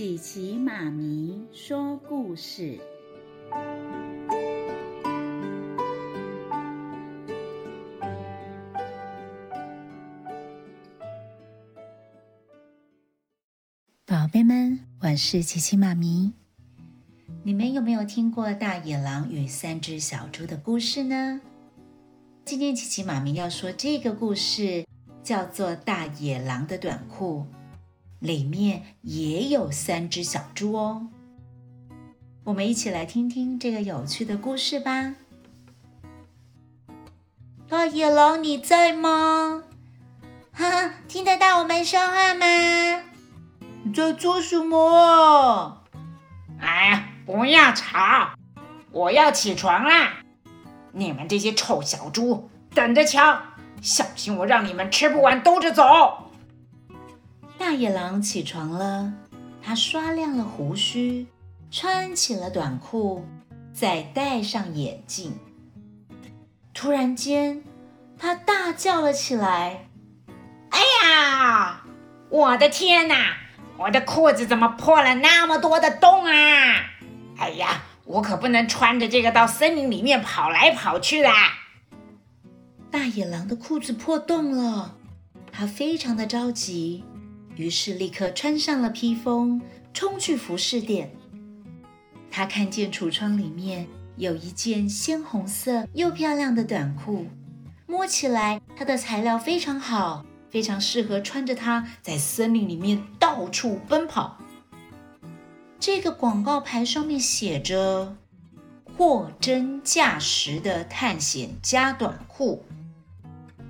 琪琪媽咪說故事，寶貝們，我是琪琪媽咪。你們有沒有聽過大野狼與三隻小豬的故事呢？今天琪琪媽咪要說這個故事，叫做《大野狼的短褲》。裡面也有三隻小豬哦，我們一起來聽聽這個有趣的故事吧。大野狼，你在嗎？哈哈，聽得到我們說話嗎？你在做什麼？哎呀，不要吵！我要起床啦！你們這些臭小豬，等着瞧，小心我讓你們吃不完兜着走！大野狼起床了，他刷亮了鬍鬚，穿起了短褲，再戴上眼鏡。突然間，他大叫了起來：“哎呀，我的天哪！我的褲子怎麼破了那麼多的洞啊？哎呀，我可不能穿着這個到森林裡面跑來跑去啦！”大野狼的褲子破洞了，他非常的着急。於是立刻穿上了披風，衝去服飾店。他看見櫥窗裡面有一件鮮紅色又漂亮的短褲，摸起來它的材料非常好，非常適合穿着它在森林裡面到處奔跑。這個廣告牌上面寫着“貨真價實的探險家短褲”。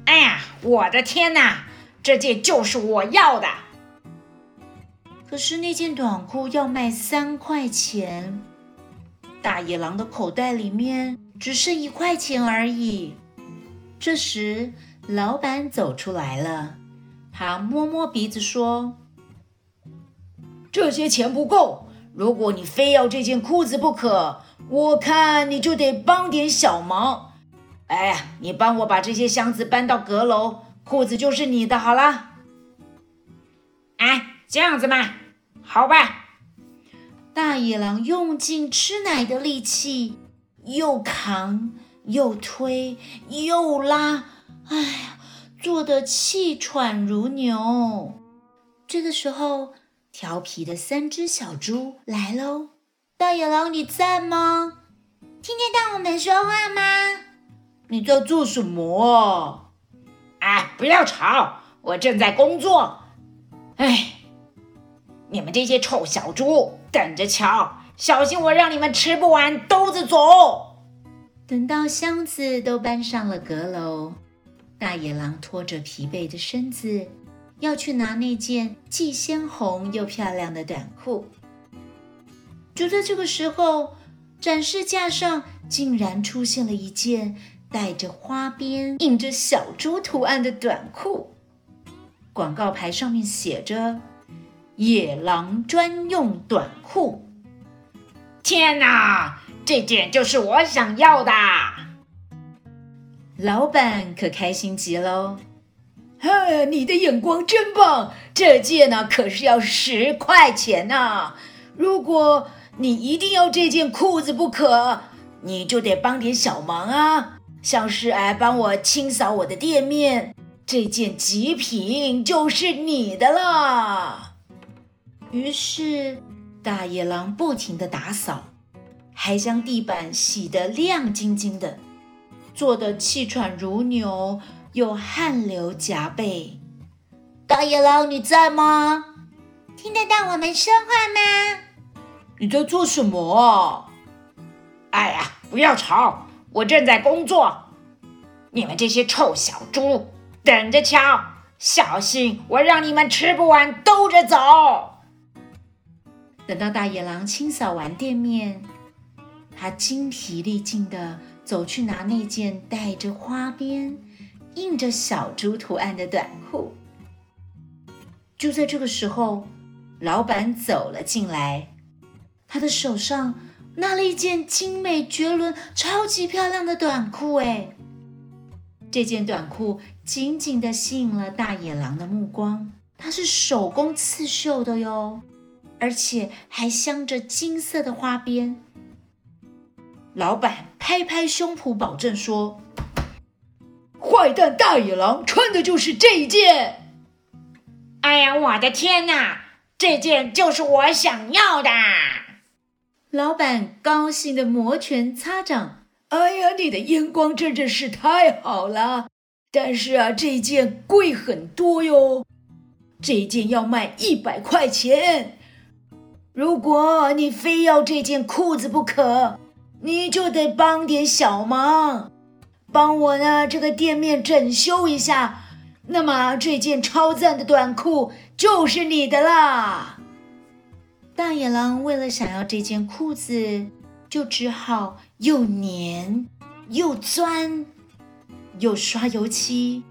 哎呀，我的天吶，這件就是我要的。可是那件短褲要賣三塊錢，大野狼的口袋裡面只剩一塊錢而已。這時，老闆走出來了，他摸摸鼻子說：“這些錢不夠，如果你非要這件褲子不可，我看你就得幫點小忙。哎呀，你幫我把這些箱子搬到閣樓，褲子就是你的，好了。”哎。這樣子嘛，好吧。大野狼用盡吃奶的力氣，又扛又推又拉，哎呀，做得氣喘如牛。這個時候，調皮的三只小豬來嘍。大野狼，你在嗎？聽得到我們說話嗎？你在做什麼？哎、啊，不要吵，我正在工作。哎。你們這些臭小豬，等着瞧！小心我讓你們吃不完兜著走。等到箱子都搬上了閣樓，大野狼拖着疲憊的身子要去拿那件既鮮紅又漂亮的短褲，就在這個時候，展示架上竟然出現了一件帶着花邊、印着小豬圖案的短褲。廣告牌上面寫着。野狼專用短褲！天哪，這件就是我想要的！老闆可開心極了，呵，你的眼光真棒！這件呢，啊，可是要十塊錢呢，啊。如果你一定要這件褲子不可，你就得幫點小忙啊，像是來幫我清掃我的店面，這件極品就是你的了。於是，大野狼不停地打掃，還將地板洗得亮晶晶的，做得氣喘如牛，又汗流浹背。大野狼，你在嗎？聽得到我們說話嗎？你在做什麼？哎呀，不要吵，我正在工作。你們這些臭小豬，等着瞧，小心我讓你們吃不完兜着走。等到大野狼清掃完店面，他精疲力盡地走去拿那件帶着花邊、印着小豬圖案的短褲。就在這個時候，老闆走了進來，他的手上拿了一件精美絕倫、超級漂亮的短褲。哎，這件短褲緊緊地吸引了大野狼的目光，它是手工刺繡的喲。而且還鑲着金色的花邊。老闆拍拍胸脯，保證說：“壞蛋大野狼穿的就是這一件。”哎呀，我的天哪！這件就是我想要的。老闆高興的摩拳擦掌。“哎呀，你的眼光真的是太好了！”但是啊，這件貴很多喲，這件要賣一百塊錢。如果你非要這件褲子不可，你就得幫點小忙，幫我呢，這個店面整修一下，那麼這件超讚的短褲就是你的啦。大野狼為了想要這件褲子，就只好又粘又鑽，又刷油漆，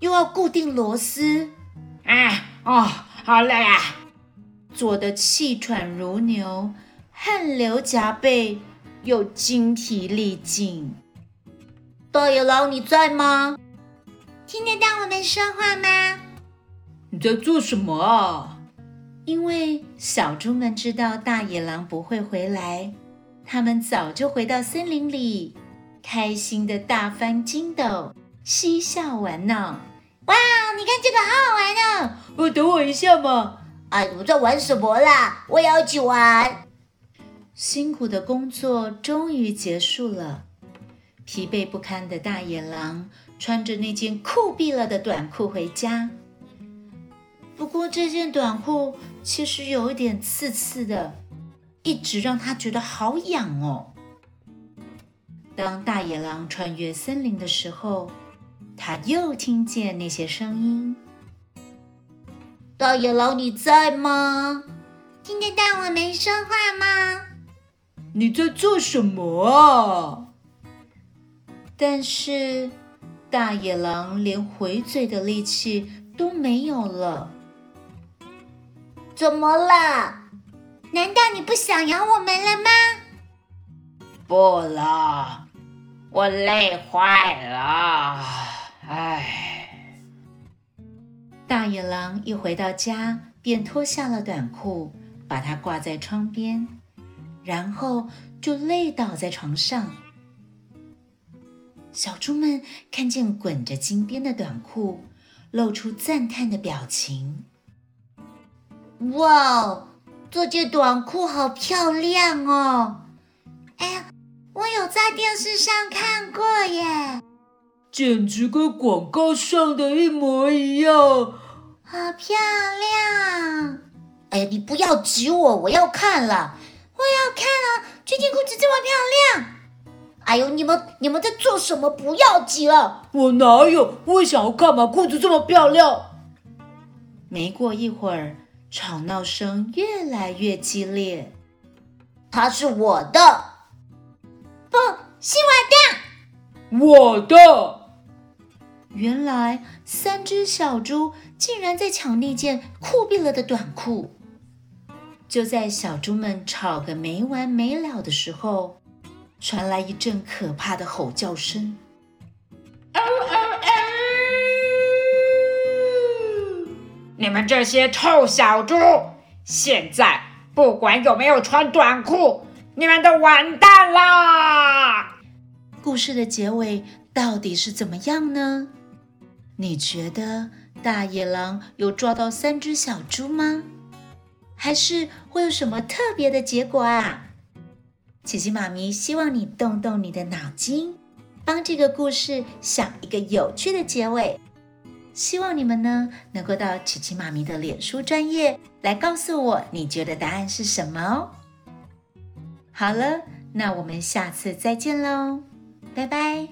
又要固定螺絲，啊哦，好累啊！做的氣喘如牛，汗流浹背，又精疲力盡。大野狼，你在嗎？聽得到我們說話嗎？你在做什麼啊？因為小豬們知道大野狼不會回來，他們早就回到森林裡，開心的大翻筋斗，嬉笑玩鬧。哇，你看這個好好玩哦！我、呃、等我一下嘛。哎，我在玩什麼啦？我也要去玩。辛苦的工作終於結束了，疲憊不堪的大野狼穿着那件酷斃了的短褲回家。不過這件短褲其實有點刺刺的，一直讓他覺得好癢哦。當大野狼穿越森林的時候，他又聽見那些聲音。大野狼，你在嗎？聽得到我們說話嗎？你在做什麼啊？但是大野狼連回嘴的力氣都沒有了。怎麼了？難道你不想咬我們了嗎？不了，我累壞了。唉。大野狼一回到家，便脫下了短褲，把它掛在窗邊，然後就累倒在床上。小豬們看見滾着金邊的短褲，露出讚嘆的表情：“哇，這件短褲好漂亮哦！哎，我有在電視上看過。”簡直跟廣告上的一模一樣，好漂亮！哎呀，你不要擠我，我要看了，我要看了，啊，最近褲子這麼漂亮！哎呦，你們你們在做什麼？不要擠了！我哪有？我想要幹嘛，褲子這麼漂亮！沒過一會兒，吵鬧聲越來越激烈。他是我的，不，是我的，我的。原來三隻小豬竟然在搶那件酷斃了的短褲。就在小豬們吵個沒完沒了的時候，傳來一陣可怕的吼叫聲：“嗷嗷嗷！你們這些臭小豬，現在不管有沒有穿短褲，你們都完蛋啦！”故事的結尾到底是怎麼樣呢？你覺得大野狼有抓到三隻小豬嗎？還是會有什麼特別的結果啊？琪琪媽咪希望你動動你的腦筋，幫這個故事想一個有趣的結尾。希望你們呢能夠到琪琪媽咪的臉書專頁來告訴我你覺得答案是什麼哦。好了，那我們下次再見嘍，拜拜。